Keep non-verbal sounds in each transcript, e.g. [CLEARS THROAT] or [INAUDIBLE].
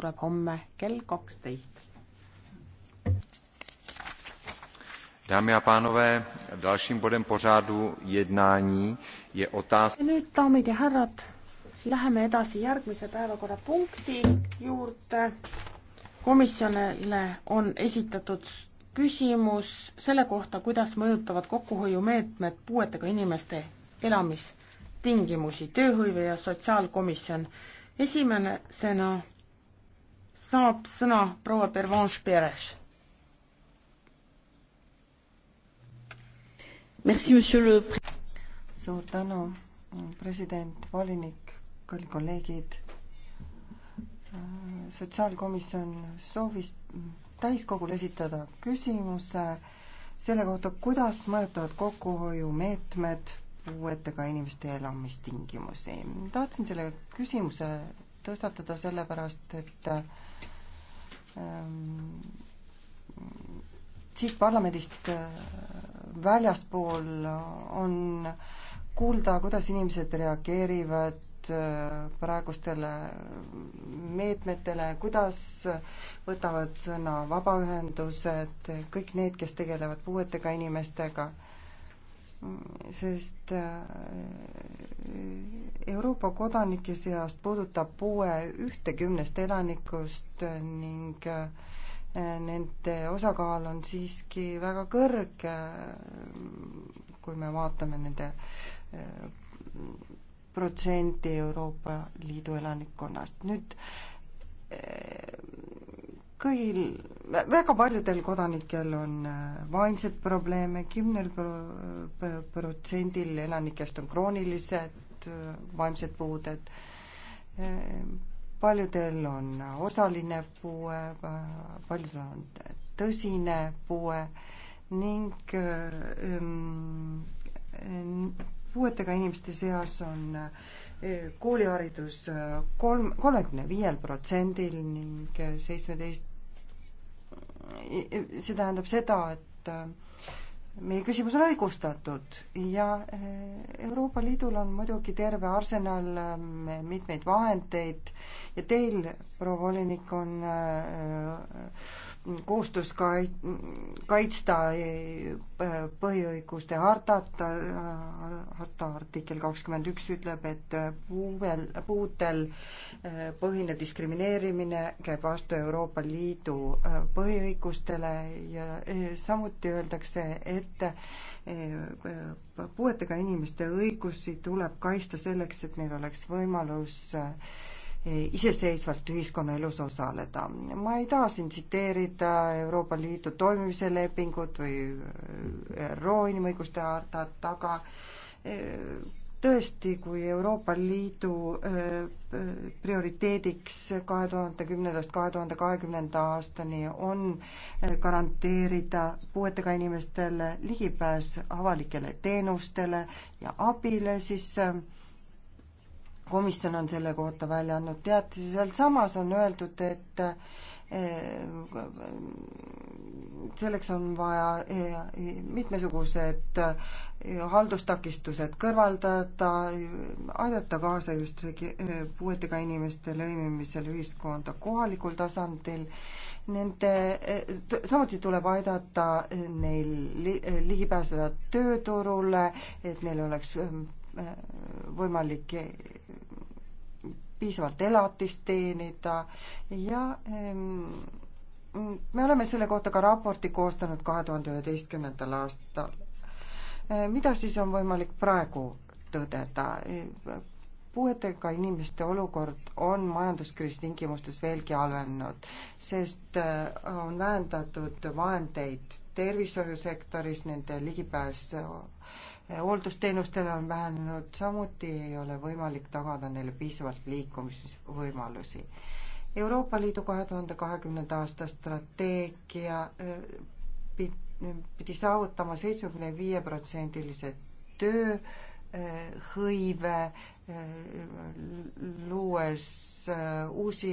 tuleb homme kell kaksteist. Dámy a pánové, dalším bodem pořádu jednání je otázka. Nüüd, daamid ja härrad, läheme edasi järgmise päevakorrapunkti juurde. Komisjonile on esitatud küsimus selle kohta, kuidas mõjutavad kokkuhoiumeetmed puuetega inimeste elamistingimusi. Tööhõive ja sotsiaalkomisjon esimene sõna saab sõna proua Pervanš Peres. suur tänu, president, volinik, kallid kolleegid. sotsiaalkomisjon soovis täiskogule esitada küsimuse selle kohta, kuidas mõjutavad kokkuhoiumeetmed puuetega inimeste elamistingimusi. tahtsin selle küsimuse tõstatada, sellepärast et ähm, siit parlamendist äh, väljaspool on kuulda, kuidas inimesed reageerivad äh, praegustele meetmetele, kuidas võtavad sõna vabaühendused, kõik need, kes tegelevad puuetega inimestega sest äh, Euroopa kodanike seast puudutab puue ühte kümnest elanikust ning äh, nende osakaal on siiski väga kõrge, kui me vaatame nende äh, protsenti Euroopa Liidu elanikkonnast. nüüd kõigil, väga paljudel kodanikel on äh, vaimseid probleeme, kümnel protsendil elanikest on kroonilised äh, vaimsed puuded, äh, paljudel on osaline puue, paljudel on tõsine puue ning ähm, puuetega inimeste seas on kooliharidus kolm, kolmekümne viiel protsendil ning seitsmeteist see tähendab seda, et äh, meie küsimus on õigustatud ja äh, Euroopa Liidul on muidugi terve arsenal äh, mitmeid vahendeid ja teil, proua volinik, on kohustus ka kaitsta äh, põhiõiguste hartat, äh, harta artikkel kakskümmend üks ütleb, et äh, puuel, puutel põhine diskrimineerimine käib vastu Euroopa Liidu põhiõigustele ja samuti öeldakse, et puuetega inimeste õigusi tuleb kaitsta selleks, et neil oleks võimalus iseseisvalt ühiskonnaelus osaleda. ma ei taha siin tsiteerida Euroopa Liidu toimimise lepingut või äh, ÜRO inimõiguste hartat, aga äh, tõesti, kui Euroopa Liidu äh, prioriteediks kahe tuhande kümnendast kahe tuhande kahekümnenda aastani on garanteerida puuetega inimestele ligipääs avalikele teenustele ja abile, siis komisjon on selle kohta välja andnud teatise, sealsamas on öeldud, et eh, selleks on vaja eh, mitmesugused eh, haldustakistused kõrvaldada, aidata kaasa just puuetega inimeste lõimimisele ühiskonda kohalikul tasandil. Nende, samuti tuleb aidata neil li, ligi pääseda tööturule, et neil oleks Äh, võimalik äh, piisavalt elatist teenida ja ähm, me oleme selle kohta ka raporti koostanud kahe tuhande üheteistkümnendal aastal. Äh, mida siis on võimalik praegu tõdeda? puuetega inimeste olukord on majanduskriisi tingimustes veelgi halvenenud, sest on vähendatud vahendeid tervishoiusektoris, nende ligipääs hooldusteenustele on vähenenud, samuti ei ole võimalik tagada neile piisavalt liikumisvõimalusi. Euroopa Liidu kahe tuhande kahekümnenda aasta strateegia äh, pidi saavutama seitsmekümne viie protsendilise töö Eh, hõive, eh, luues eh, uusi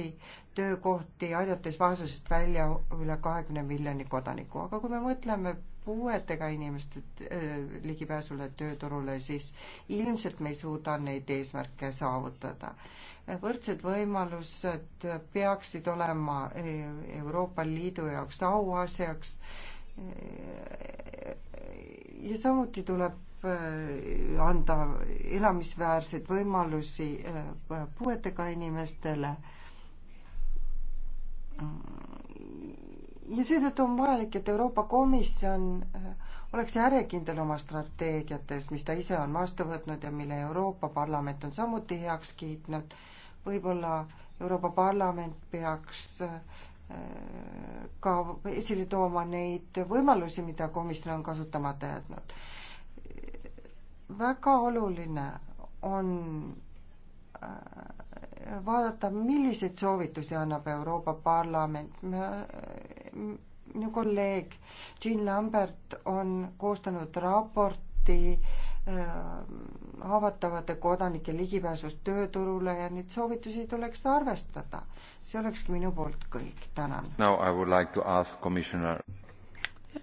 töökohti, aidates vaesusest välja üle kahekümne miljoni kodaniku, aga kui me mõtleme puuetega inimeste ligipääsule tööturule, siis ilmselt me ei suuda neid eesmärke saavutada. võrdsed võimalused peaksid olema Euroopa Liidu jaoks auasjaks ja samuti tuleb Äh, anda elamisväärseid võimalusi äh, puuetega inimestele. ja seetõttu on vajalik, et Euroopa Komisjon äh, oleks järjekindel oma strateegiates, mis ta ise on vastu võtnud ja mille Euroopa Parlament on samuti heaks kiitnud. võib-olla Euroopa Parlament peaks ka esile tooma neid võimalusi, mida komisjon on kasutamata jätnud väga oluline on äh, vaadata, milliseid soovitusi annab Euroopa Parlament. Äh, minu kolleeg Jean Lambert on koostanud raporti äh, haavatavate kodanike ligipääsust tööturule ja neid soovitusi tuleks arvestada. see olekski minu poolt kõik, tänan. Like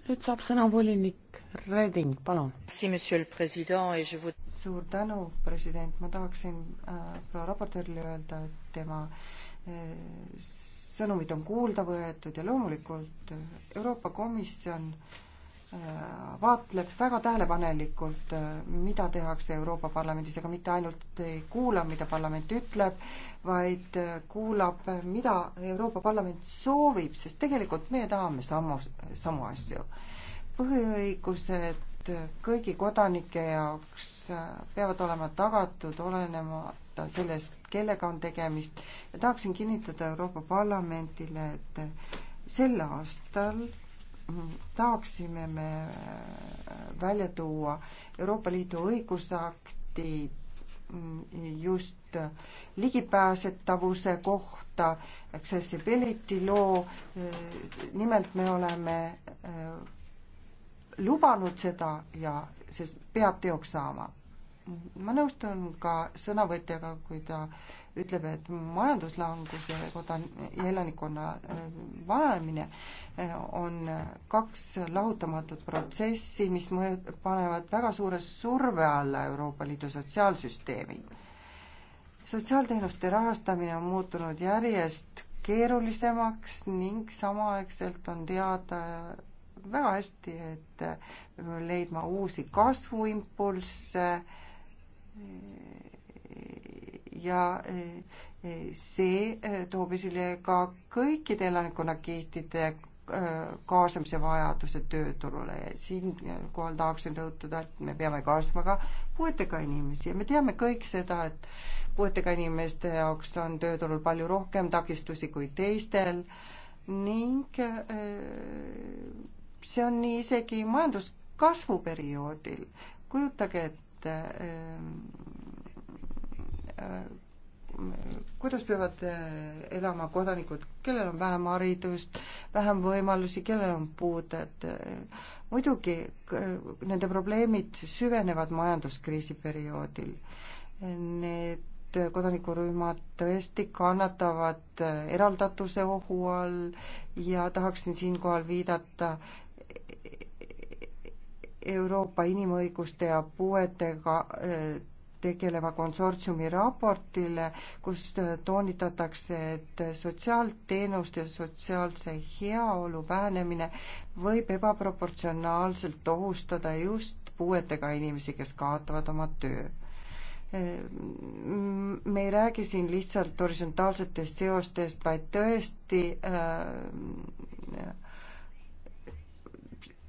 nüüd saab sõna volinik Reding, palun. suur tänu, president, ma tahaksin äh, proua raportöörile öelda, et tema äh, sõnumid on kuulda võetud ja loomulikult äh, Euroopa Komisjon äh, vaatleb väga tähelepanelikult, äh, mida tehakse Euroopa Parlamendis, aga mitte ainult ei kuula, mida parlament ütleb, vaid kuulab, mida Euroopa Parlament soovib, sest tegelikult meie tahame samu, samu asju põhiõigused kõigi kodanike jaoks peavad olema tagatud olenemata sellest, kellega on tegemist ja tahaksin kinnitada Euroopa Parlamendile, et sel aastal tahaksime me välja tuua Euroopa Liidu õigusakti just ligipääsetavuse kohta, accessibility law, nimelt me oleme lubanud seda ja see peab teoks saama. ma nõustun ka sõnavõtjaga, kui ta ütleb, et majanduslanguse kodan-, elanikkonna äh, vananemine äh, on kaks lahutamatut protsessi, mis mõju-, panevad väga suure surve alla Euroopa Liidu sotsiaalsüsteemi. sotsiaalteenuste rahastamine on muutunud järjest keerulisemaks ning samaaegselt on teada väga hästi, et peame äh, leidma uusi kasvuimpulsse äh, ja äh, see toob esile ka kõikide elanikkonnakihtide kaasamise vajaduse tööturule ja siinkohal tahaksin rõhutada, et me peame kaasama ka puuetega inimesi ja me teame kõik seda, et puuetega inimeste jaoks on tööturul palju rohkem takistusi kui teistel ning see on nii isegi majanduskasvu perioodil. kujutage ette äh, äh,, kuidas peavad äh, elama kodanikud, kellel on vähem haridust, vähem võimalusi, kellel on puuded. muidugi nende probleemid süvenevad majanduskriisi perioodil. Need kodanikurühmad tõesti kannatavad äh, eraldatuse ohu all ja tahaksin siinkohal viidata Euroopa inimõiguste ja puuetega äh, tegeleva konsortsiumi raportile, kus äh, toonitatakse, et sotsiaalteenuste, sotsiaalse heaolu vähenemine võib ebaproportsionaalselt ohustada just puuetega inimesi, kes kaotavad oma töö. Äh, me ei räägi siin lihtsalt horisontaalsetest seostest, vaid tõesti äh,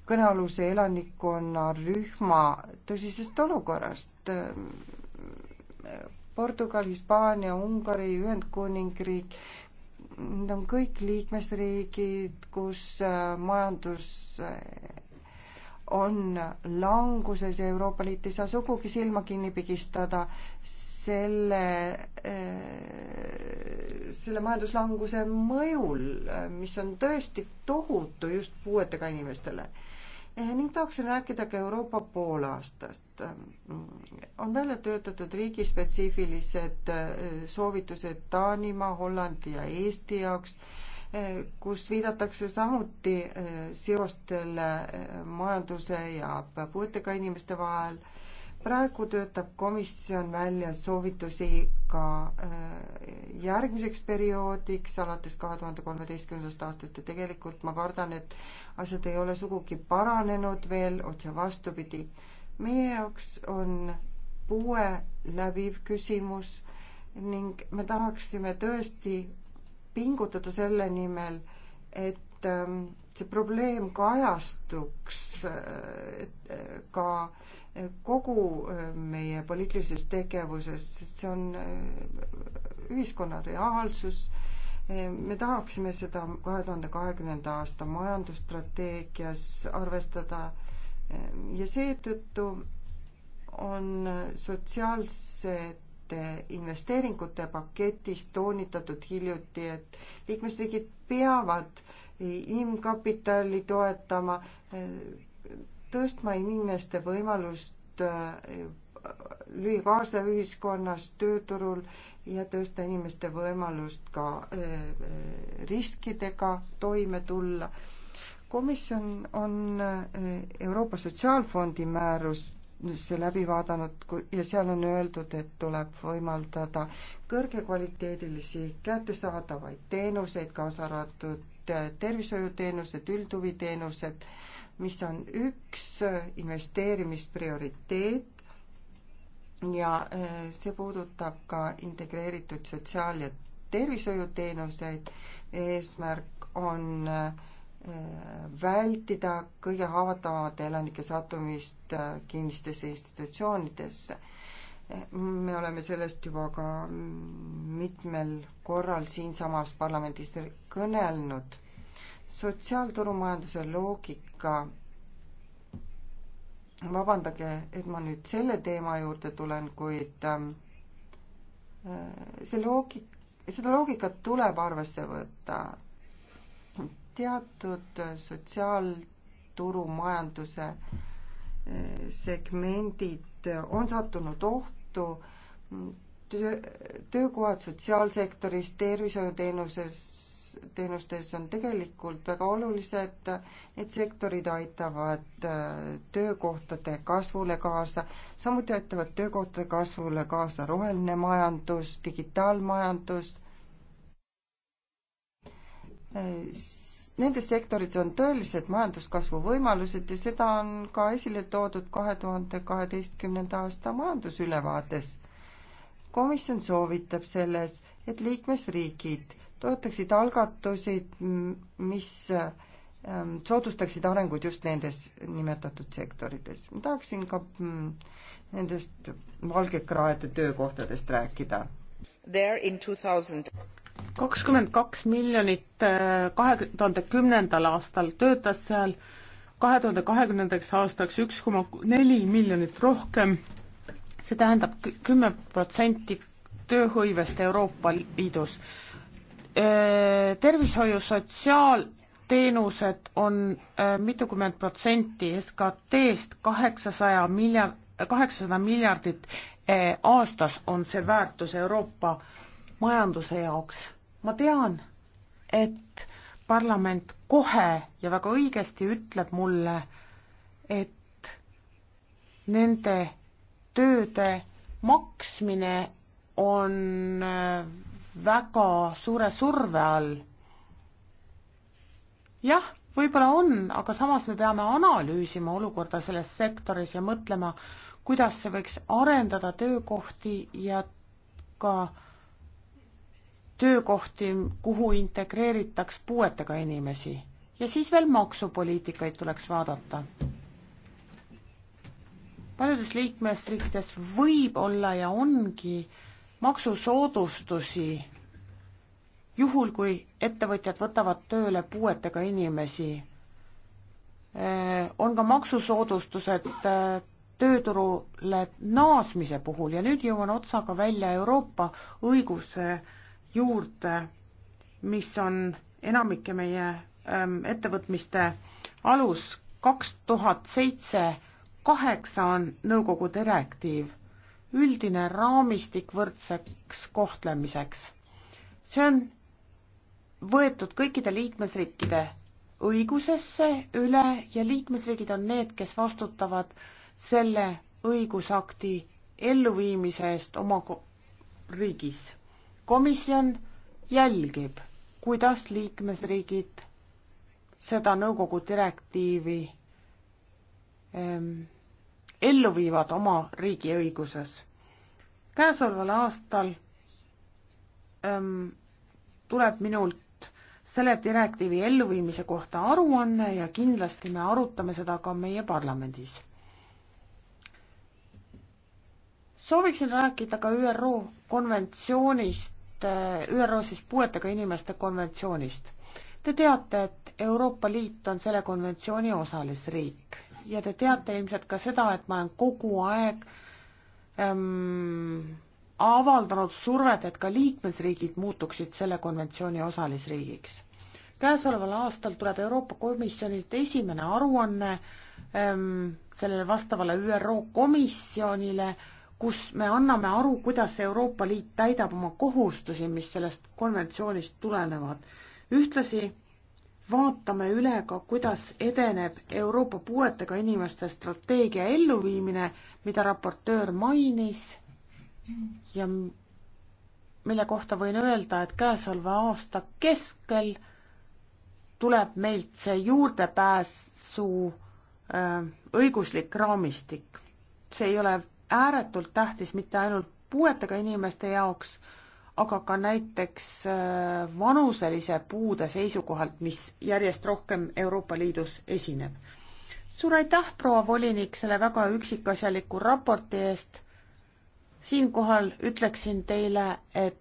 kõnealuse elanikkonnarühma tõsisest olukorrast. Portugal, Hispaania, Ungari, Ühendkuningriik, need on kõik liikmesriigid, kus äh, majandus äh, on languses ja Euroopa Liit ei saa sugugi silma kinni pigistada selle äh, selle majanduslanguse mõjul, mis on tõesti tohutu just puuetega inimestele. Eh, ning tahaksin rääkida ka Euroopa poolaastast. Eh, on välja töötatud riigispetsiifilised eh, soovitused Taanimaa, Hollandi ja Eesti jaoks, kus viidatakse samuti seostele majanduse ja puuetega inimeste vahel praegu töötab komisjon välja soovitusi ka äh, järgmiseks perioodiks, alates kahe tuhande kolmeteistkümnendast aastast ja tegelikult ma kardan, et asjad ei ole sugugi paranenud veel, otse vastupidi. meie jaoks on puue läbiv küsimus ning me tahaksime tõesti pingutada selle nimel, et ähm, see probleem kajastuks äh, ka, ka kogu äh, meie poliitilises tegevuses, sest see on äh, ühiskonna reaalsus. Äh, me tahaksime seda kahe tuhande kahekümnenda aasta majandusstrateegias arvestada ja seetõttu on sotsiaalsete investeeringute paketis toonitatud hiljuti, et liikmesriigid peavad inimkapitali toetama, tõstma inimeste võimalust äh, lüüa kaasa ühiskonnas, tööturul ja tõsta inimeste võimalust ka äh, äh, riskidega toime tulla. komisjon on Euroopa Sotsiaalfondi määrust see läbi vaadanud ja seal on öeldud, et tuleb võimaldada kõrgekvaliteedilisi kättesaadavaid teenuseid, kaasa arvatud tervishoiuteenused, üldhuviteenused mis on üks äh, investeerimisprioriteet ja äh, see puudutab ka integreeritud sotsiaal- ja tervishoiuteenuseid. eesmärk on äh, vältida kõige haavatavamate elanike sattumist kinnistesse institutsioonidesse. me oleme sellest juba ka mitmel korral siinsamas parlamendis kõnelnud sotsiaalturumajanduse loogika, vabandage, et ma nüüd selle teema juurde tulen, kuid ähm, see loogik, seda loogikat tuleb arvesse võtta. teatud sotsiaalturumajanduse äh, segmendid on sattunud ohtu, töö, töökohad sotsiaalsektoris, tervishoiuteenuses, teenustes on tegelikult väga olulised. Need sektorid aitavad äh, töökohtade kasvule kaasa, samuti aitavad töökohtade kasvule kaasa roheline majandus, digitaalmajandus. Äh, nendes sektorites on tõelised majanduskasvu võimalused ja seda on ka esile toodud kahe tuhande kaheteistkümnenda aasta majandusülevaates. komisjon soovitab selles, et liikmesriigid toetaksid algatusi, mis ähm, soodustaksid arengut just nendes nimetatud sektorites. ma tahaksin ka mm, nendest valgekraede töökohtadest rääkida. kakskümmend kaks miljonit äh, kahe tuhande kümnendal aastal töötas seal, kahe tuhande kahekümnendaks aastaks üks koma neli miljonit rohkem, see tähendab kümme protsenti tööhõivest Euroopa Liidus tervishoiu sotsiaalteenused on mitukümmend protsenti SKT-st, kaheksasaja miljard, kaheksasada miljardit aastas on see väärtus Euroopa majanduse jaoks. ma tean, et parlament kohe ja väga õigesti ütleb mulle, et nende tööde maksmine on väga suure surve all. jah, võib-olla on, aga samas me peame analüüsima olukorda selles sektoris ja mõtlema, kuidas see võiks arendada töökohti ja ka töökohti, kuhu integreeritaks puuetega inimesi. ja siis veel maksupoliitikaid tuleks vaadata. paljudes liikmesriikides võib olla ja ongi äh, maksusoodustusi juhul, kui ettevõtjad võtavad tööle puuetega inimesi. Äh, on ka maksusoodustused äh, tööturule naasmise puhul ja nüüd jõuan otsaga välja Euroopa õiguse juurde, mis on enamike meie ähm, ettevõtmiste alus kaks tuhat seitse kaheksa on nõukogu direktiiv üldine raamistik võrdseks kohtlemiseks. see on võetud kõikide liikmesriikide õigusesse üle ja liikmesriigid on need, kes vastutavad selle õigusakti elluviimise eest oma ko riigis. komisjon jälgib, kuidas liikmesriigid seda nõukogu direktiivi ähm, ellu viivad oma riigi õiguses. käesoleval aastal ähm, tuleb minult selle direktiivi elluviimise kohta aruanne ja kindlasti me arutame seda ka meie parlamendis. sooviksin rääkida ka ÜRO konventsioonist, äh, ÜRO siis puuetega inimeste konventsioonist. Te teate, et Euroopa Liit on selle konventsiooni osalisriik ja te teate ilmselt ka seda, et ma olen kogu aeg ähm, avaldanud survet, et ka liikmesriigid muutuksid selle konventsiooni osalisriigiks. käesoleval aastal tuleb Euroopa Komisjonilt esimene aruanne ähm, sellele vastavale ÜRO komisjonile, kus me anname aru, kuidas Euroopa Liit täidab oma kohustusi, mis sellest konventsioonist tulenevad. ühtlasi vaatame üle ka, kuidas edeneb Euroopa puuetega inimeste strateegia elluviimine, mida raportöör mainis ja mille kohta võin öelda, et käesoleva aasta keskel tuleb meilt see juurdepääsu äh, õiguslik raamistik. see ei ole ääretult tähtis mitte ainult puuetega inimeste jaoks, aga ka näiteks äh, vanuselise puude seisukohalt, mis järjest rohkem Euroopa Liidus esineb. suur aitäh, proua volinik, selle väga üksikasjaliku raporti eest. siinkohal ütleksin teile, et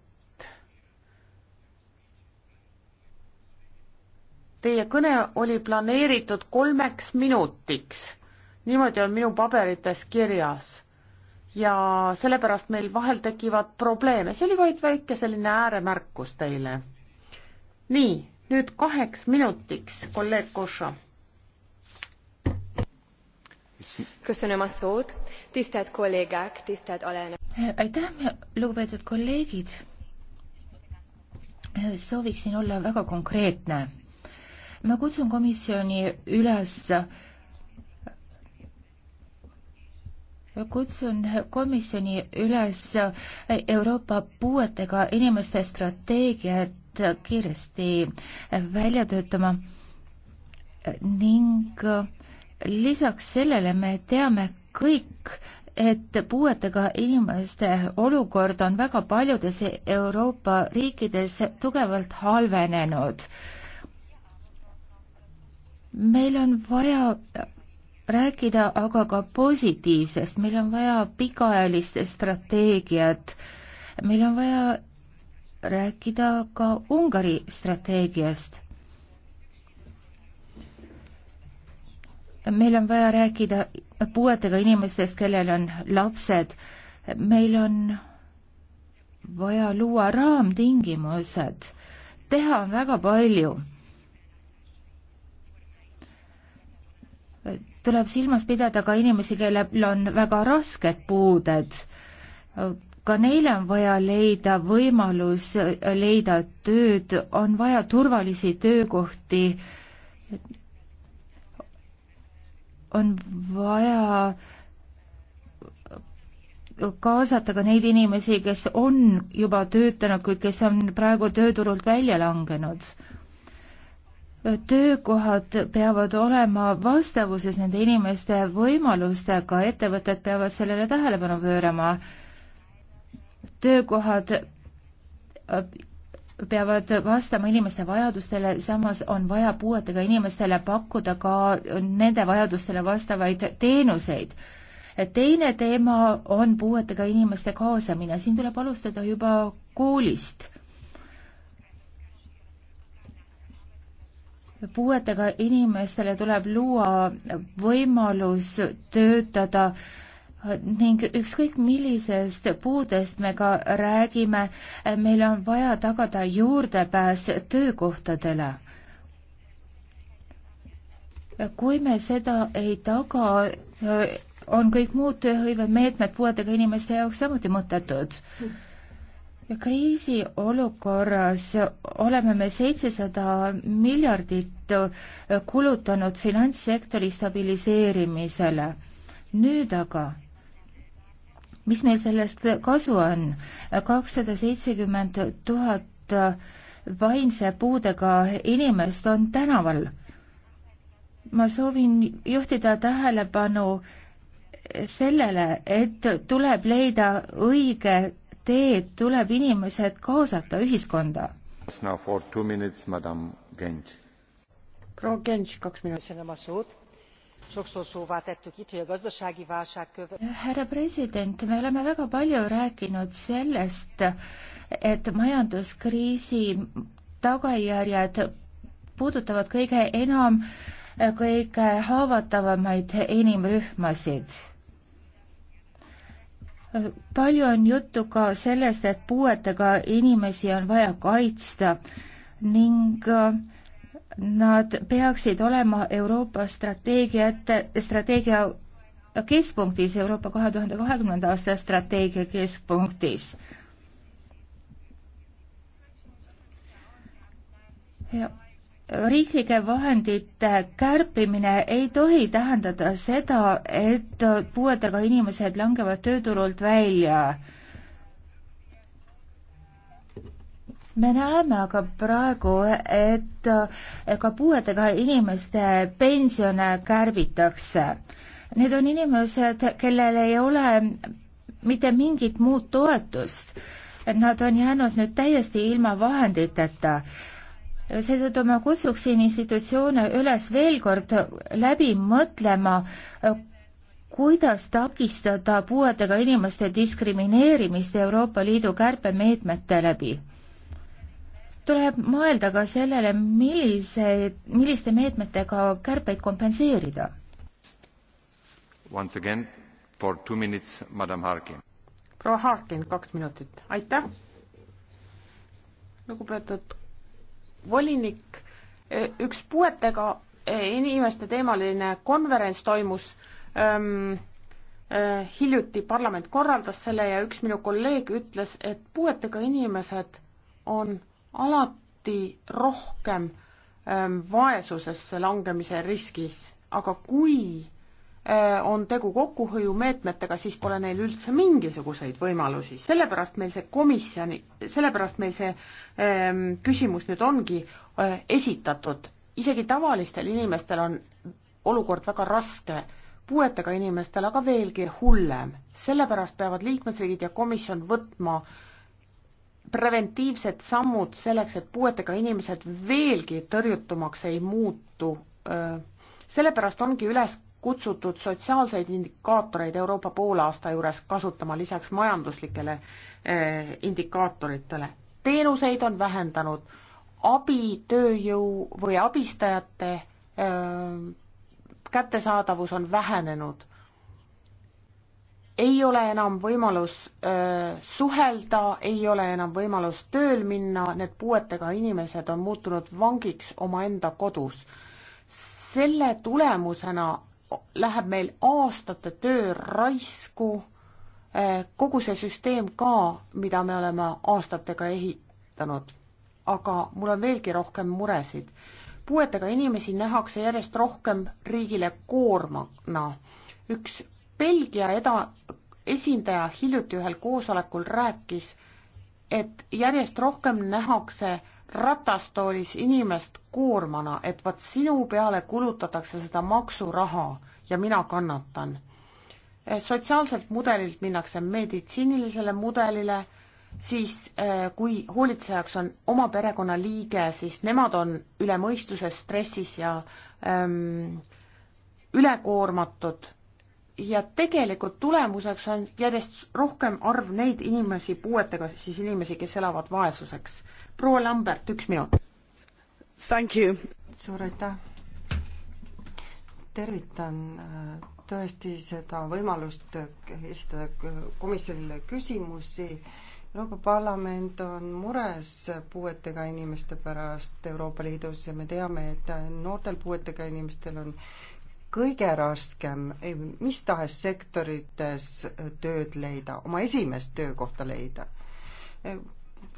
Teie kõne oli planeeritud kolmeks minutiks. niimoodi on minu paberites kirjas ja sellepärast meil vahel tekivad probleeme, see oli vaid väike selline ääremärkus teile. nii, nüüd kaheks minutiks, kolleeg Koša. köszönöm a szót, tisztelt kollégák, tisztelt alelnök. aitäh, lugupeetud kolleegid. sooviksin olla väga konkreetne. ma kutsun komisjoni üles kutsun komisjoni üles Euroopa puuetega inimeste strateegiat kiiresti välja töötama ning lisaks sellele me teame kõik, et puuetega inimeste olukord on väga paljudes Euroopa riikides tugevalt halvenenud. meil on vaja rääkida aga ka positiivsest, meil on vaja pikaajalist strateegiat, meil on vaja rääkida ka Ungari strateegiast. meil on vaja rääkida puuetega inimestest, kellel on lapsed, meil on vaja luua raamtingimused, teha on väga palju tuleb silmas pidada ka inimesi, kellel on väga rasked puuded. ka neile on vaja leida võimalus leida tööd, on vaja turvalisi töökohti, on vaja kaasata ka neid inimesi, kes on juba töötanud, kuid kes on praegu tööturult välja langenud töökohad peavad olema vastavuses nende inimeste võimalustega, ettevõtted peavad sellele tähelepanu pöörama. töökohad äh, peavad vastama inimeste vajadustele, samas on vaja puuetega inimestele pakkuda ka nende vajadustele vastavaid teenuseid. teine teema on puuetega inimeste kaasamine, siin tuleb alustada juba koolist puuetega inimestele tuleb luua võimalus töötada ning ükskõik millisest puudest me ka räägime, meil on vaja tagada juurdepääs töökohtadele. kui me seda ei taga, on kõik muud tööhõivemeetmed puuetega inimeste jaoks samuti mõttetud mm kriisiolukorras oleme me seitsesada miljardit kulutanud finantssektori stabiliseerimisele. nüüd aga, mis meil sellest kasu on? kakssada seitsekümmend tuhat vaimse puudega inimest on tänaval. ma soovin juhtida tähelepanu sellele, et tuleb leida õige teed tuleb inimesed kaasata ühiskonda. proua Genš, kaks minutit sokszor szóvá tettük itt, hogy a gazdasági válság követ... Härra president, me oleme väga palju rääkinud sellest, et majanduskriisi tagajärjed puudutavad kõige enam kõige haavatavamaid inimrühmasid palju on juttu ka sellest, et puuetega inimesi on vaja kaitsta ning äh, nad peaksid olema Euroopa strateegiate, strateegia keskpunktis, Euroopa kahe tuhande kahekümnenda aasta strateegia keskpunktis. ja riiklike vahendite kärpimine ei tohi tähendada seda, et puuetega inimesed langevad tööturult välja. me näeme aga praegu, et ka puuetega inimeste pensione kärbitakse. Need on inimesed, kellel ei ole mitte mingit muud toetust. Nad on jäänud nüüd täiesti ilma vahenditeta seetõttu ma kutsuksin institutsioone üles veel kord läbi mõtlema, kuidas takistada puuetega inimeste diskrimineerimist Euroopa Liidu kärpemeetmete läbi? tuleb mõelda ka sellele, milliseid, milliste meetmetega kärpeid kompenseerida. Once again for two minutes, madam Harkin. proua Harkin, kaks minutit, aitäh. lugupeetud volinik, eh, üks puuetega eh, inimeste teemaline konverents toimus ähm, äh, hiljuti, parlament korraldas selle ja üks minu kolleeg ütles, et puuetega inimesed on alati rohkem ähm, vaesusesse langemise riskis, aga kui Äh, on tegu kokkuhoiumeetmetega, siis pole neil üldse mingisuguseid võimalusi, sellepärast meil see komisjoni, sellepärast meil see ähm, küsimus nüüd ongi äh, esitatud. isegi tavalistel inimestel on olukord väga raske, puuetega inimestel aga veelgi hullem. sellepärast peavad liikmesriigid ja komisjon võtma preventiivsed sammud selleks, et puuetega inimesed veelgi tõrjutumaks ei muutu. Äh, sellepärast ongi üles kutsutud sotsiaalseid indikaatoreid Euroopa poolaasta juures kasutama lisaks majanduslikele eh, indikaatoritele. teenuseid on vähendanud, abi tööjõu või abistajate eh, kättesaadavus on vähenenud. ei ole enam võimalus öö, eh, suhelda, ei ole enam võimalus tööl minna, need puuetega inimesed on muutunud vangiks omaenda kodus. selle tulemusena läheb meil aastate töö raisku, eh, kogu see süsteem ka, mida me oleme aastatega ehitanud. aga mul on veelgi rohkem muresid. puuetega inimesi nähakse järjest rohkem riigile koormana. üks Belgia eda-, esindaja hiljuti ühel koosolekul rääkis, et järjest rohkem nähakse ratastoolis inimest koormana, et vaat sinu peale kulutatakse seda maksuraha ja mina kannatan. Eh, sotsiaalselt mudelilt minnakse meditsiinilisele mudelile, siis eh, kui hoolitsejaks on oma perekonnaliige, siis nemad on üle mõistuse stressis ja ähm, ülekoormatud ja tegelikult tulemuseks on järjest rohkem arv neid inimesi, puuetega siis inimesi, kes elavad vaesuseks proua Lambert, üks minut. suur aitäh. tervitan äh, tõesti seda võimalust äh, esitada komisjonile küsimusi Euroopa Parlament on mures puuetega inimeste pärast Euroopa Liidus ja me teame, et äh, noortel puuetega inimestel on kõige raskem mis tahes sektorites tööd leida, oma esimest töökohta leida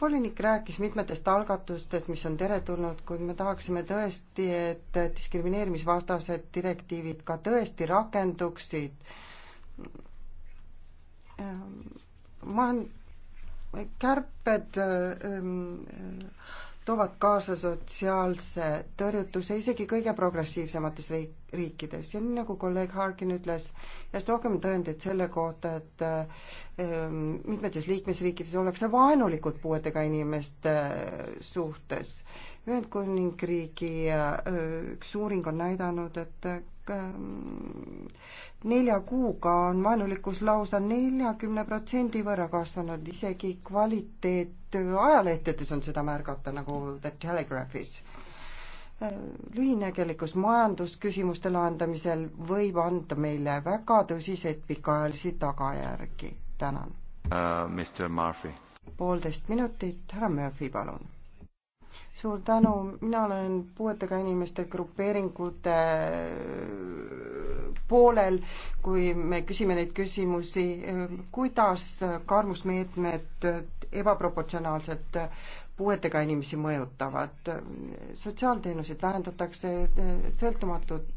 volinik rääkis mitmetest algatustest, mis on teretulnud, kuid me tahaksime tõesti, et diskrimineerimisvastased direktiivid ka tõesti rakenduksid. Ehm, ma olen, kärped ähm, toovad kaasa sotsiaalse tõrjutuse isegi kõige progressiivsemates riik, riikides ja nii nagu kolleeg Harkin ütles, järjest rohkem tõendeid selle kohta, et äh, mitmetes liikmesriikides ollakse vaenulikud puuetega inimeste äh, suhtes. Ühendkuningriigi äh, üks uuring on näidanud, et Mm, nelja kuuga on vaenulikkus lausa neljakümne protsendi võrra kasvanud, isegi kvaliteet ajalehtedes on seda märgata, nagu The Telegraphis. lühinägelikkus majandusküsimuste lahendamisel võib anda meile väga tõsiseid pikaajalisi tagajärgi. tänan uh,. Mr Murphy. poolteist minutit, härra Murphy, palun suur tänu, mina olen puuetega inimeste grupeeringute äh, poolel, kui me küsime neid küsimusi, äh, kuidas karmusmeetmed äh, ebaproportsionaalselt puuetega inimesi mõjutavad. sotsiaalteenuseid vähendatakse, sõltumatud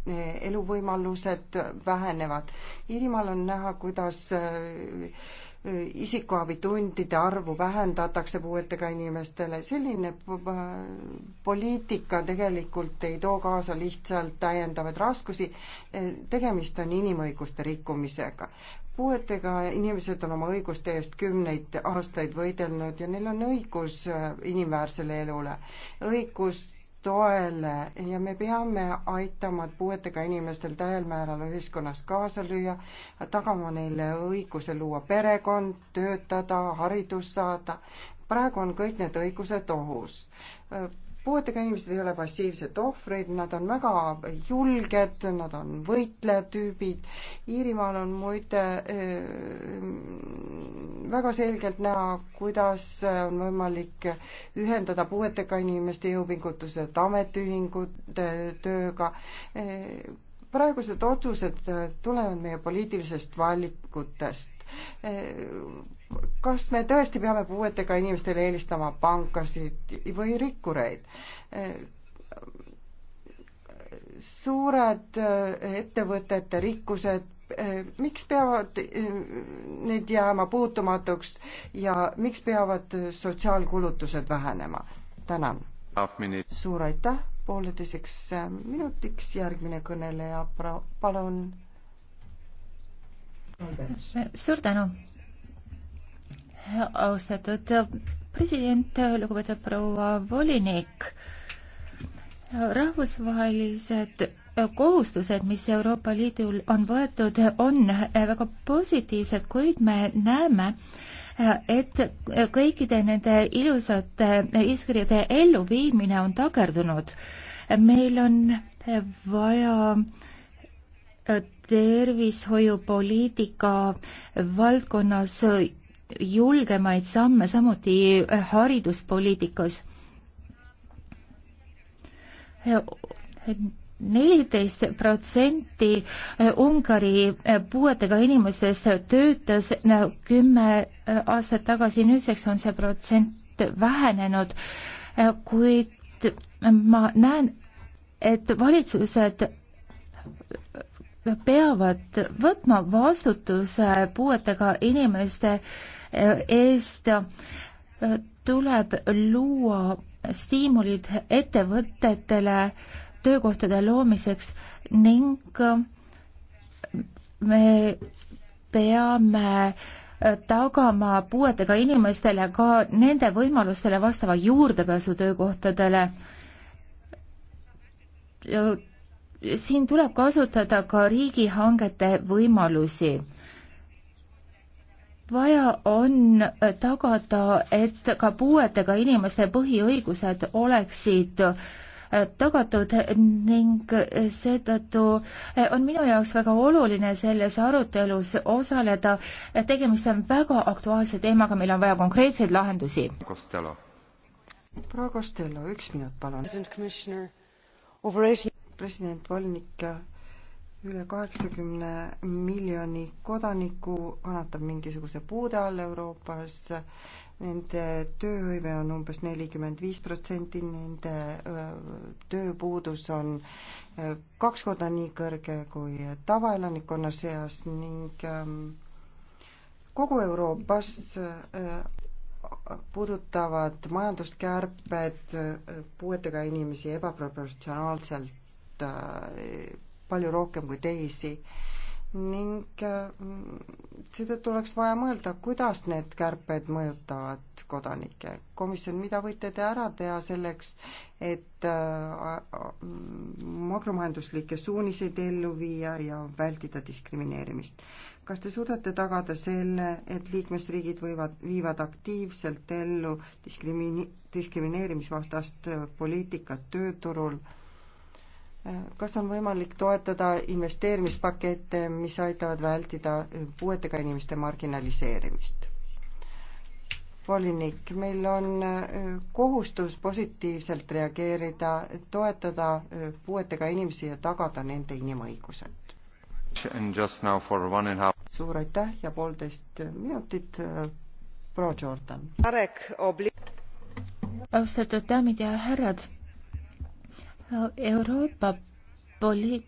eluvõimalused vähenevad. Iirimaal on näha, kuidas isikuabitundide arvu vähendatakse puuetega inimestele, selline poliitika tegelikult ei too kaasa lihtsalt täiendavaid raskusi, tegemist on inimõiguste rikkumisega. puuetega inimesed on oma õiguste eest kümneid aastaid võidelnud ja neil on õigus inimväärsele elule, õigus toele ja me peame aitama puuetega inimestel täiel määral ühiskonnas kaasa lüüa, tagama neile õiguse luua perekond, töötada, haridust saada. praegu on kõik need õigused ohus puuetega inimesed ei ole passiivsed ohvrid, nad on väga julged, nad on võitlejatüübid. Iirimaal on muide ehm, väga selgelt näha, kuidas on võimalik ühendada puuetega inimeste jõupingutused ametiühingute tööga ehm, praegused otsused tulenevad meie poliitilisest valikutest. Ehm, kas me tõesti peame puuetega inimestele eelistama pankasid või rikkureid? suured eh, ettevõtete rikkused, eh, miks peavad eh, need jääma puutumatuks ja miks peavad sotsiaalkulutused vähenema? tänan. suur aitäh, pooleteiseks minutiks järgmine kõneleja, palun. suur tänu austatud president, lugupeetud proua volinik. rahvusvahelised kohustused, mis Euroopa Liidul on võetud, on väga positiivsed, kuid me näeme, et kõikide nende ilusate eeskirjade elluviimine on takerdunud. meil on vaja tervishoiupoliitika valdkonnas julgemaid samme samuti eh, hariduspoliitikas. neliteist protsenti eh, Ungari eh, puuetega inimestest töötas kümme aastat tagasi, nüüdseks on see protsent vähenenud, kuid ma näen, et valitsused peavad võtma vastutuse puuetega inimeste äh, eest tuleb luua stiimulid ettevõtetele töökohtade loomiseks ning me peame tagama puuetega inimestele ka nende võimalustele vastava juurdepääsu töökohtadele. siin tuleb kasutada ka riigihangete võimalusi vaja on äh, tagada, et ka puuetega inimeste põhiõigused oleksid äh, tagatud ning äh, seetõttu on minu jaoks väga oluline selles arutelus osaleda. tegemist on väga aktuaalse teemaga, meil on vaja konkreetseid lahendusi. proua Costello, üks minut, palun. president, volinik üle kaheksakümne miljoni kodaniku kannatab mingisuguse puude all Euroopas, nende tööhõive on umbes nelikümmend viis protsenti, nende tööpuudus on kaks korda nii kõrge kui tavaelanikkonna seas ning kogu Euroopas puudutavad majanduskärped puuetega inimesi ebaproportsionaalselt palju rohkem kui teisi. ning mm, seetõttu oleks vaja mõelda, kuidas need kärped mõjutavad kodanikke. komisjon, mida võite te ära teha selleks, et äh, mm, makromajanduslikke suuniseid ellu viia ja vältida diskrimineerimist? kas te suudate tagada selle, et liikmesriigid võivad, viivad aktiivselt ellu diskrimiini-, diskrimineerimisvastast äh, poliitikat tööturul, kas on võimalik toetada investeerimispakette, mis aitavad vältida puuetega inimeste marginaliseerimist? volinik, meil on äh, kohustus positiivselt reageerida, toetada äh, puuetega inimesi ja tagada nende inimõigused. suur aitäh ja poolteist minutit, äh, proua Jordan. austatud daamid ja härrad Euroopa poli-,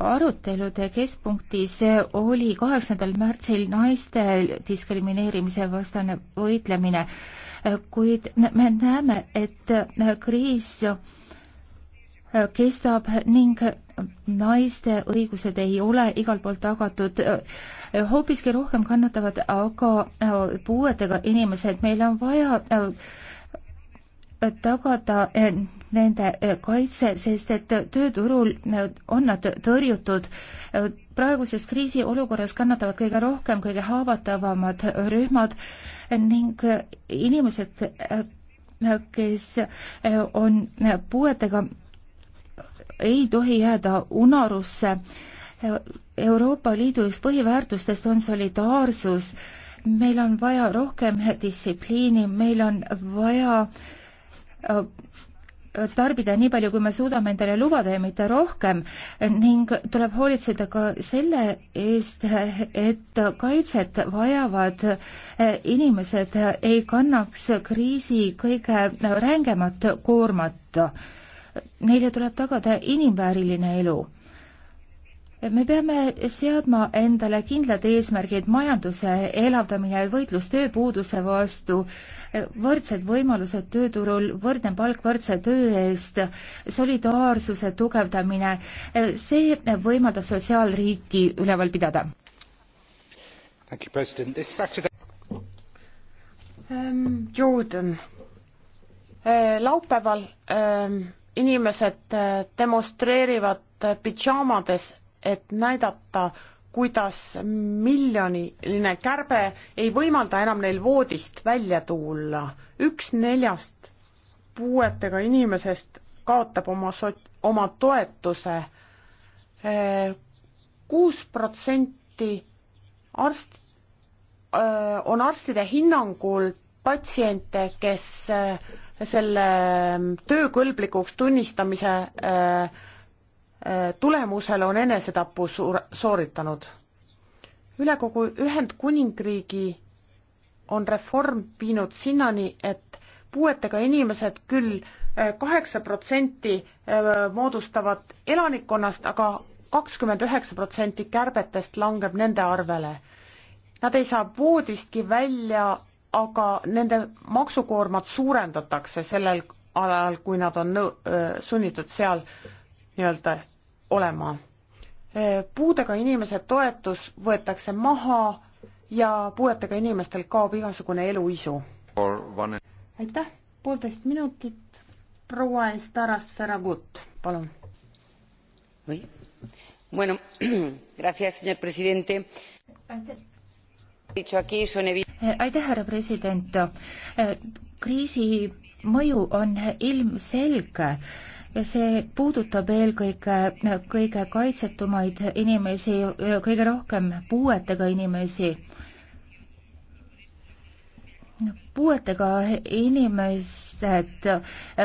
arutelude keskpunktis oli kaheksandal märtsil naiste diskrimineerimise vastane võitlemine, kuid me näeme, et kriis kestab ning naiste õigused ei ole igal pool tagatud. hoopiski rohkem kannatavad aga puuetega inimesed, meil on vaja tagada eh, nende eh, kaitse, sest et tööturul eh, on nad tõrjutud. praeguses kriisiolukorras kannatavad kõige rohkem kõige haavatavamad rühmad ning inimesed, kes on puuetega, ei tohi jääda unarusse. Euroopa Liidu üks põhiväärtustest on solidaarsus. meil on vaja rohkem distsipliini, meil on vaja äh, Äh, tarbida nii palju, kui me suudame endale lubada ja mitte rohkem ning tuleb hoolitseda ka selle eest, et kaitset vajavad äh, inimesed ei kannaks kriisi kõige rängemat koormat. Neile tuleb tagada inimvääriline elu me peame seadma endale kindlad eesmärgid, majanduse elavdamine, võitlus tööpuuduse vastu, võrdsed võimalused tööturul, võrdne palk võrdse töö eest, solidaarsuse tugevdamine, see võimaldab sotsiaalriiki üleval pidada. Ähm, Jordan, äh, laupäeval ähm, inimesed äh, demonstreerivad äh, pidžaamades, et näidata kuidas miljoniline kärbe ei võimalda enam neil voodist välja tulla. üks neljast puuetega inimesest kaotab oma so-, oma toetuse. Eh, kuus protsenti arst, eh, on arstide hinnangul patsiente, kes eh, selle mm, töökõlblikuks tunnistamise öö, tulemusel on enesetapu suur-, sooritanud. üle kogu Ühendkuningriigi on reform viinud sinnani, et puuetega inimesed küll äh, kaheksa protsenti äh, moodustavad elanikkonnast aga, aga kakskümmend üheksa protsenti kärbetest langeb nende arvele. Nad ei saa voodistki välja, aga nende maksukoormat suurendatakse sellel alal, kui nad on äh, sunnitud seal nii-öelda olema. Eh, puudega inimese toetus võetakse maha ja puuetega inimestel kaob igasugune eluisu. aitäh, poolteist minutit, proua Estaras Ferragut, palun. Bueno, [CLEARS THROAT] gracias, señor presidente. aitäh, eh, härra president. Eh, kriisi mõju on ilmselge ja see puudutab eelkõige kõige kaitsetumaid inimesi, kõige rohkem puuetega inimesi puuetega inimesed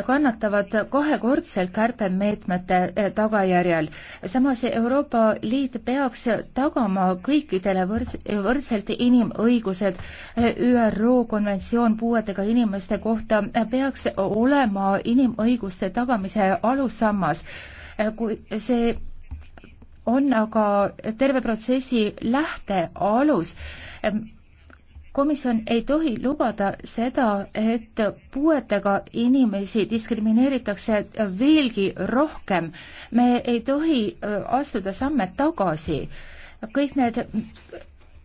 kannatavad kahekordselt kärpemeetmete tagajärjel. samas Euroopa Liit peaks tagama kõikidele võrds-, võrdselt inimõigused. ÜRO konventsioon puuetega inimeste kohta peaks olema inimõiguste tagamise alussammas. kui see on aga terve protsessi lähtealus komisjon ei tohi lubada seda, et puuetega inimesi diskrimineeritakse veelgi rohkem. me ei tohi astuda samme tagasi. kõik need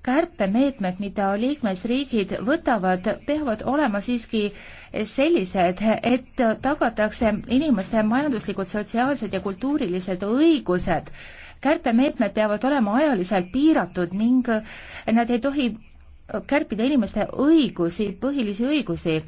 kärpemeetmed, mida liikmesriigid võtavad, peavad olema siiski sellised, et tagatakse inimeste majanduslikud, sotsiaalsed ja kultuurilised õigused kärpemeetmed peavad olema ajaliselt piiratud ning nad ei tohi kärpida inimeste õigusi, põhilisi õigusi.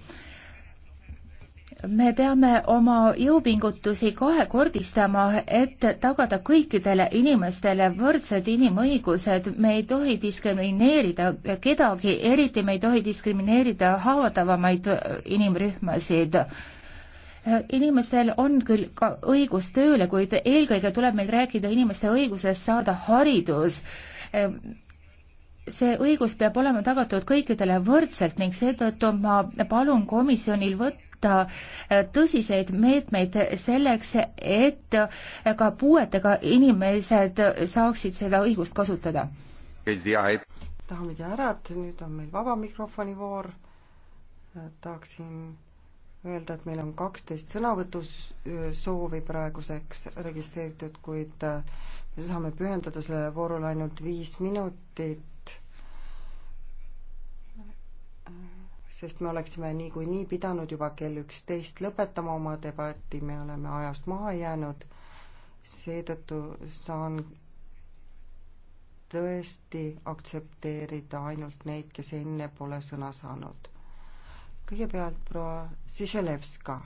me peame oma jõupingutusi kahekordistama, et tagada kõikidele inimestele võrdsed inimõigused, me ei tohi diskrimineerida kedagi, eriti me ei tohi diskrimineerida haavatavamaid inimrühmasid inimestel on küll ka õigus tööle, kuid eelkõige tuleb meil rääkida inimeste õigusest saada haridus see õigus peab olema tagatud kõikidele võrdselt ning seetõttu ma palun komisjonil võtta äh, tõsiseid meetmeid selleks, et äh, ka puuetega inimesed saaksid seda õigust kasutada. daamid ja härrad, nüüd on meil vaba mikrofoni voor. Äh, tahaksin öelda, et meil on kaksteist sõnavõtusoovi praeguseks registreeritud, kuid me saame pühendada sellele voorule ainult viis minutit sest me oleksime niikuinii nii pidanud juba kell üksteist lõpetama oma debatti, me oleme ajast maha jäänud. seetõttu saan tõesti aktsepteerida ainult neid, kes enne pole sõna saanud. kõigepealt proua Sišelevska.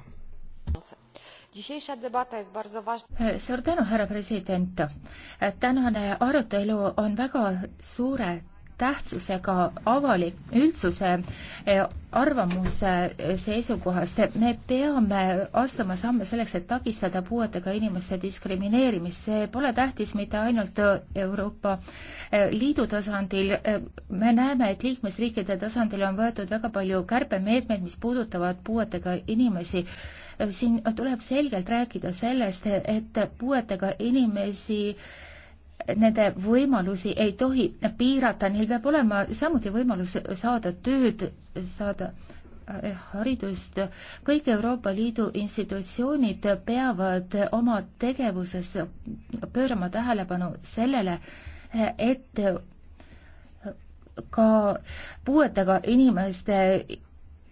Äh, suur tänu, härra president. Äh, tänane arutelu on väga suure tähtsusega avalik, üldsuse eh, arvamuse eh, seisukohast. me peame astuma samme selleks, et takistada puuetega inimeste diskrimineerimist. see pole tähtis mitte ainult Euroopa eh, Liidu tasandil. me näeme, et liikmesriikide tasandil on võetud väga palju kärpemeetmeid, mis puudutavad puuetega inimesi. siin tuleb selgelt rääkida sellest, et puuetega inimesi nende võimalusi ei tohi piirata, neil peab olema samuti võimalus saada tööd, saada äh, haridust. kõik Euroopa Liidu institutsioonid peavad oma tegevuses pöörama tähelepanu sellele, et ka puuetega inimeste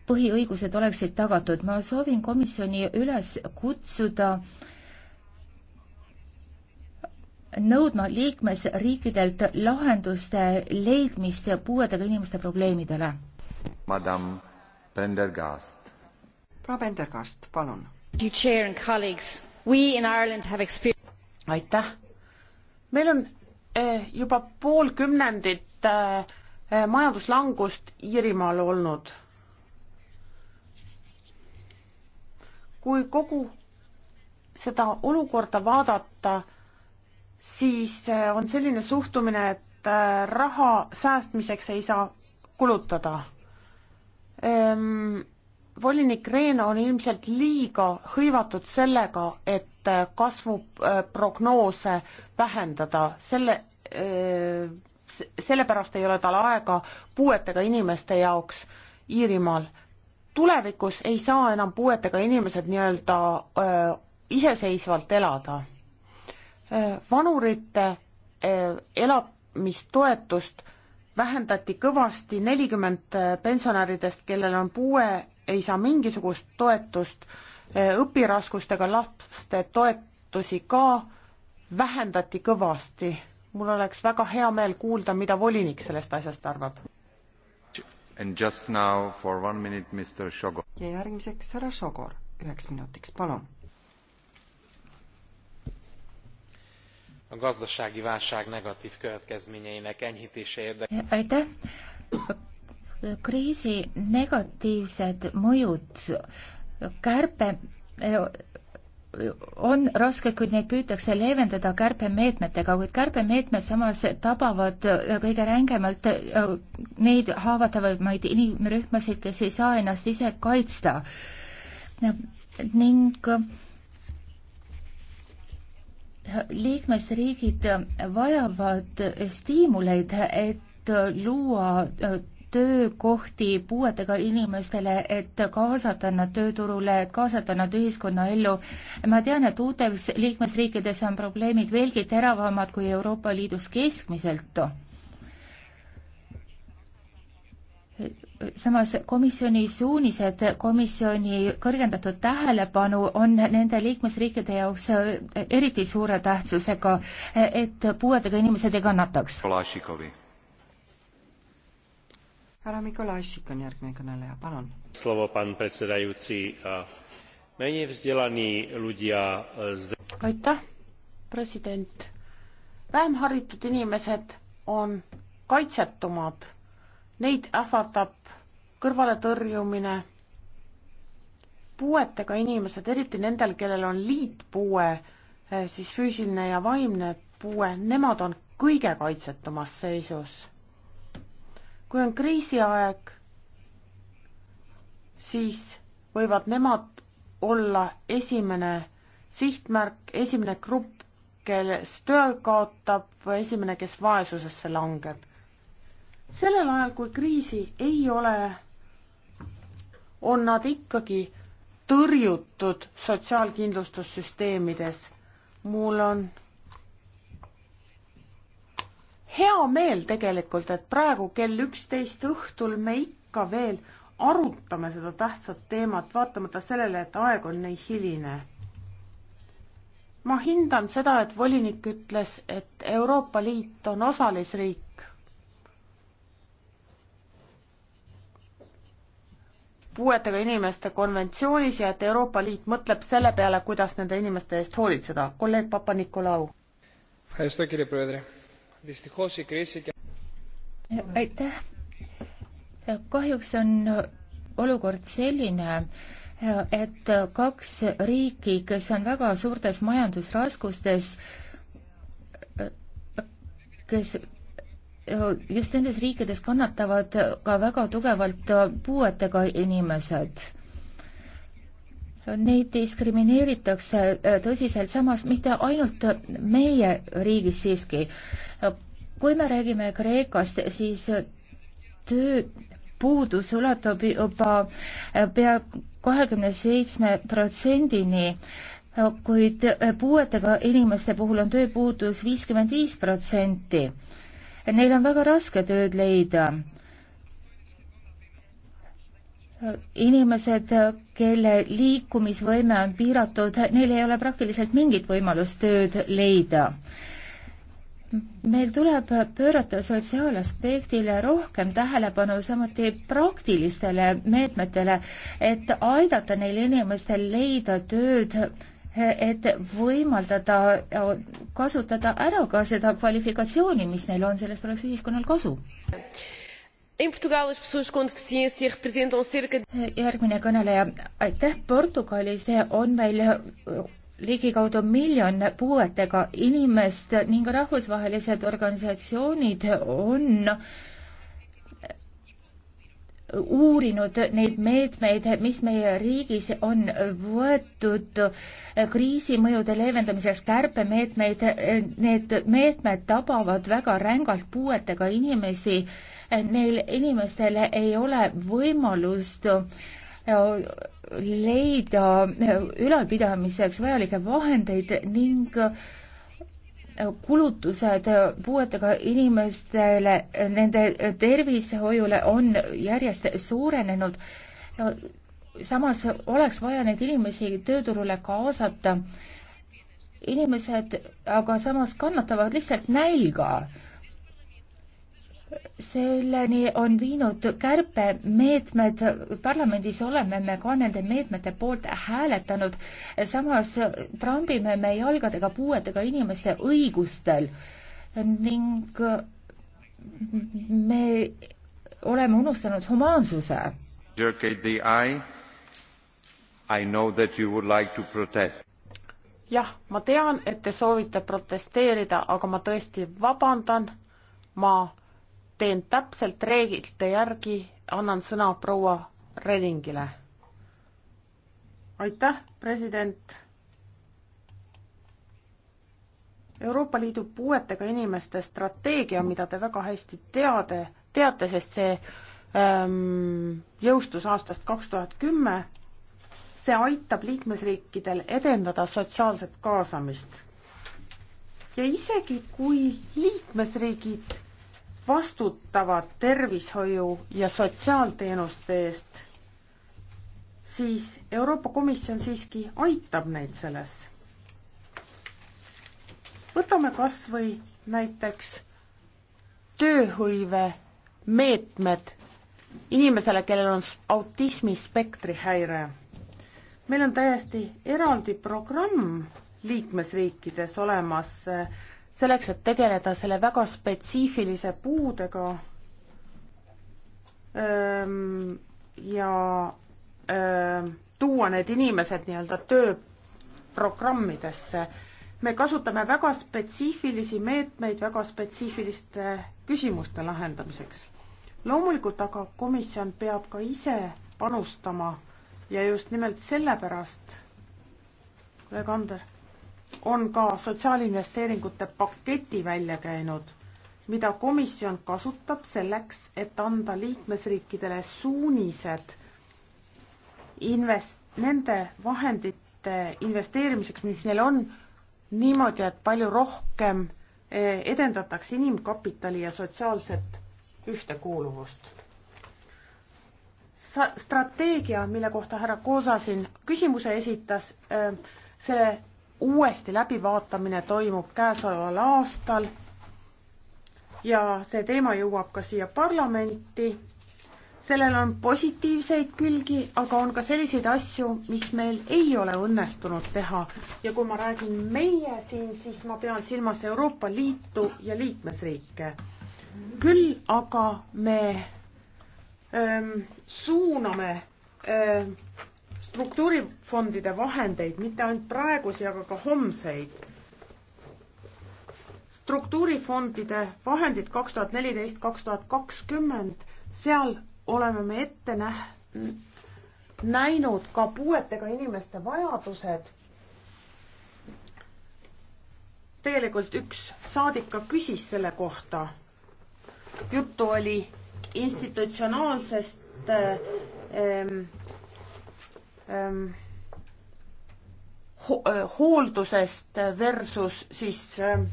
põhiõigused oleksid tagatud. ma soovin komisjoni üles kutsuda äh, nõudma liikmesriikidelt lahenduste leidmist puuetega inimeste probleemidele. Madam Pendergast. proua Pendergast, palun. aitäh. meil on eh, juba pool kümnendit eh, eh, majanduslangust Iirimaal olnud. kui kogu seda olukorda vaadata, siis äh, on selline suhtumine, et äh, raha säästmiseks ei saa kulutada. Ehm, volinik Rehn on ilmselt liiga hõivatud sellega, et äh, kasvuprognoose vähendada, selle, sellepärast ei ole tal aega puuetega inimeste jaoks Iirimaal. tulevikus ei saa enam puuetega inimesed nii-öelda iseseisvalt elada vanurite eh, elamistoetust vähendati kõvasti, nelikümmend eh, pensionäridest, kellel on puue, ei saa mingisugust toetust, eh, õpiraskustega laste toetusi ka vähendati kõvasti. mul oleks väga hea meel kuulda, mida volinik sellest asjast arvab. ja järgmiseks härra Šogor, üheks minutiks, palun a gazdasági válság negatív következményeinek enyhítése érdekében. Aitäh! kriisi negatiivsed mõjud, kärpe on raske, kui neid püütakse leevendada kärpemeetmetega, kuid kärpemeetmed samas tabavad kõige rängemalt neid haavatavamaid inimrühmasid, kes ei saa ennast ise kaitsta. ning liikmesriigid vajavad stiimuleid, et luua äh, töökohti puuetega inimestele, et kaasata nad tööturule, et kaasata nad ühiskonnaellu. ma tean, et uutes liikmesriikides on probleemid veelgi teravamad kui Euroopa Liidus keskmiselt samas komisjoni suunised, komisjoni kõrgendatud tähelepanu on nende liikmesriikide jaoks eriti suure tähtsusega, et puuetega inimesed ei kannataks. härra Mikolašik on järgmine kõneleja, palun. aitäh, president. vähem haritud inimesed on kaitsetumad neid ähvardab kõrvaletõrjumine, puuetega inimesed, eriti nendel, kellel on liitpuue, eh, siis füüsiline ja vaimne puue, nemad on kõige kaitsetumas seisus. kui on kriisiaeg, siis võivad nemad olla esimene sihtmärk, esimene grupp, kes töö kaotab, esimene, kes vaesusesse langeb. sellel ajal, kui kriisi ei ole on nad ikkagi tõrjutud sotsiaalkindlustussüsteemides. mul on hea meel tegelikult, et praegu kell üksteist õhtul me ikka veel arutame seda tähtsat teemat, vaatamata sellele, et aeg on nii hiline. ma hindan seda, et volinik ütles, et Euroopa Liit on osalisriik puuetega inimeste konventsioonis ja et Euroopa Liit mõtleb selle peale, kuidas nende inimeste eest hoolitseda. kolleeg Papa-Nikolau. aitäh. kahjuks on olukord selline, et kaks riiki, kes on väga suurtes majandusraskustes, kes just nendes riikides kannatavad ka väga tugevalt puuetega inimesed. Neid diskrimineeritakse tõsiselt, samas mitte ainult meie riigis siiski. kui me räägime Kreekast, siis tööpuudus ulatub juba pea kahekümne seitsme protsendini kuid puuetega inimeste puhul on tööpuudus viiskümmend viis protsenti. Neil on väga raske tööd leida. inimesed, kelle liikumisvõime on piiratud, neil ei ole praktiliselt mingit võimalust tööd leida meil tuleb pöörata sotsiaalaspektile rohkem tähelepanu, samuti praktilistele meetmetele, et aidata neil inimestel leida tööd et võimaldada kasutada ära ka seda kvalifikatsiooni, mis neil on, sellest oleks ühiskonnal kasu. Em Portugal as pessoas com deficiência representam cerca de... järgmine kõneleja, aitäh, Portugalis on meil ligikaudu miljon puuetega inimest ning rahvusvahelised organisatsioonid on äh, uurinud neid meetmeid, mis meie riigis on võetud kriisimõjude leevendamiseks, kärpemeetmeid, need meetmed tabavad väga rängalt puuetega inimesi. Neil inimestel ei ole võimalust leida ülalpidamiseks vajalikke vahendeid ning kulutused puuetega inimestele, nende tervishoiule on järjest suurenenud. samas oleks vaja neid inimesi tööturule kaasata. inimesed aga samas kannatavad lihtsalt nälga selleni on viinud kärpemeetmed, parlamendis oleme me ka nende meetmete poolt hääletanud, samas trambime me jalgadega puuetega inimeste õigustel ning me oleme unustanud humaansuse. jah, ma tean, et te soovite protesteerida, aga ma tõesti vabandan, ma teen täpselt reeglite järgi, annan sõna proua Redingile. aitäh, president. Euroopa Liidu puuetega inimeste strateegia, mida te väga hästi teade, teate, sest see ähm, jõustus aastast kaks tuhat kümme, see aitab liikmesriikidel edendada sotsiaalset kaasamist. ja isegi, kui liikmesriigid vastutavad tervishoiu ja sotsiaalteenuste eest, siis Euroopa Komisjon siiski aitab neid selles. võtame kas või näiteks tööhõive meetmed inimesele, kellel on autismispektri häire. meil on täiesti eraldi programm liikmesriikides olemas äh, selleks, et tegeleda selle väga spetsiifilise puudega öö, ähm, ja öö, ähm, tuua need inimesed nii-öelda tööprogrammidesse. me kasutame väga spetsiifilisi meetmeid väga spetsiifiliste küsimuste lahendamiseks. loomulikult aga komisjon peab ka ise panustama ja just nimelt sellepärast, kolleeg Ander on ka sotsiaalinvesteeringute paketi välja käinud, mida komisjon kasutab selleks, et anda liikmesriikidele suunised invest-, nende vahendite investeerimiseks, mis neil on, niimoodi, et palju rohkem eh, edendatakse inimkapitali ja sotsiaalset ühtekuuluvust. Sa-, strateegia, mille kohta härra Koosa siin küsimuse esitas, eh, selle uuesti läbivaatamine toimub käesoleval aastal ja see teema jõuab ka siia parlamenti. sellel on positiivseid külgi, aga on ka selliseid asju, mis meil ei ole õnnestunud teha ja kui ma räägin meie siin, siis ma pean silmas Euroopa Liitu ja liikmesriike. küll aga me öö, ähm, suuname öö, ähm, struktuurifondide vahendeid, mitte ainult praegusi, aga ka homseid. struktuurifondide vahendid kaks tuhat neliteist, kaks tuhat kakskümmend, seal oleme me ette näh-, näinud ka puuetega inimeste vajadused. tegelikult üks saadik ka küsis selle kohta. juttu oli institutsionaalsest ähm, ähm, ho äh, hooldusest versus siis ähm,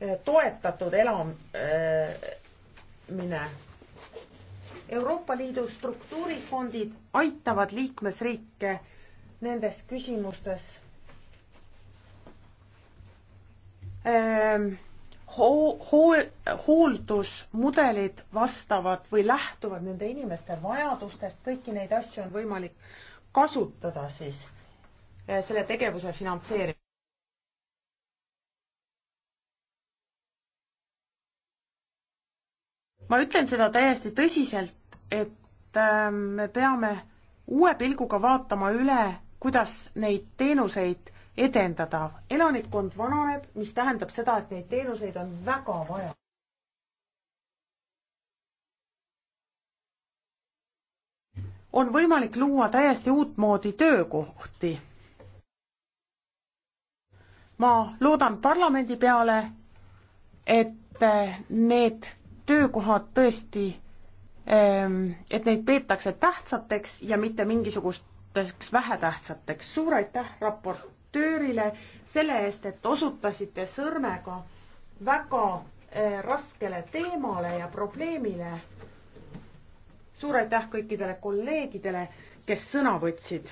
äh, toetatud elamine äh,. Euroopa Liidu struktuurifondid aitavad liikmesriike nendes küsimustes ähm, ho-, ho-, hooldusmudelid vastavad või lähtuvad nende inimeste vajadustest, kõiki neid asju on võimalik kasutada siis eh, selle tegevuse finantseerimiseks? ma ütlen seda täiesti tõsiselt, et ähm, me peame uue pilguga vaatama üle, kuidas neid teenuseid edendada. elanikkond vananeb, mis tähendab seda, et neid teenuseid on väga vaja. on võimalik luua täiesti uutmoodi töökohti. ma loodan parlamendi peale, et need töökohad tõesti, ehm, et neid peetakse tähtsateks ja mitte mingisugusteks vähetähtsateks. suur aitäh raportöörile selle eest, et osutasite sõrmega väga eh, raskele teemale ja probleemile suur aitäh kõikidele kolleegidele, kes sõna võtsid.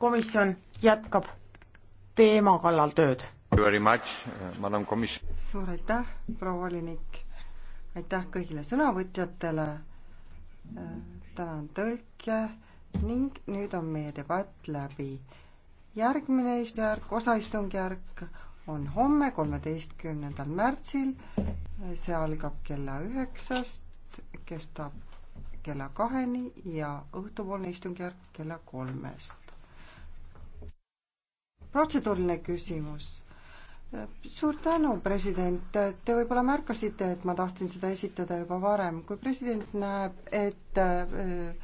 komisjon jätkab teema kallal tööd. Eh, suur aitäh, proua volinik. aitäh kõigile sõnavõtjatele. Eh, tänan tõlke ning nüüd on meie debatt läbi. järgmine istujärk, osaistungjärk on homme, kolmeteistkümnendal märtsil. Eh, see algab kella üheksast, kestab kella kaheni ja õhtupoolne istungjärk kella kolmest. protseduuriline küsimus. suur tänu, president. Te võib-olla märkasite, et ma tahtsin seda esitada juba varem. kui president näeb, et äh,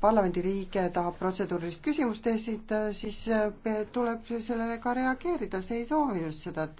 parlamendiriige tahab protseduurilist küsimust esitada, siis äh, tuleb sellele ka reageerida. see ei soovinud seda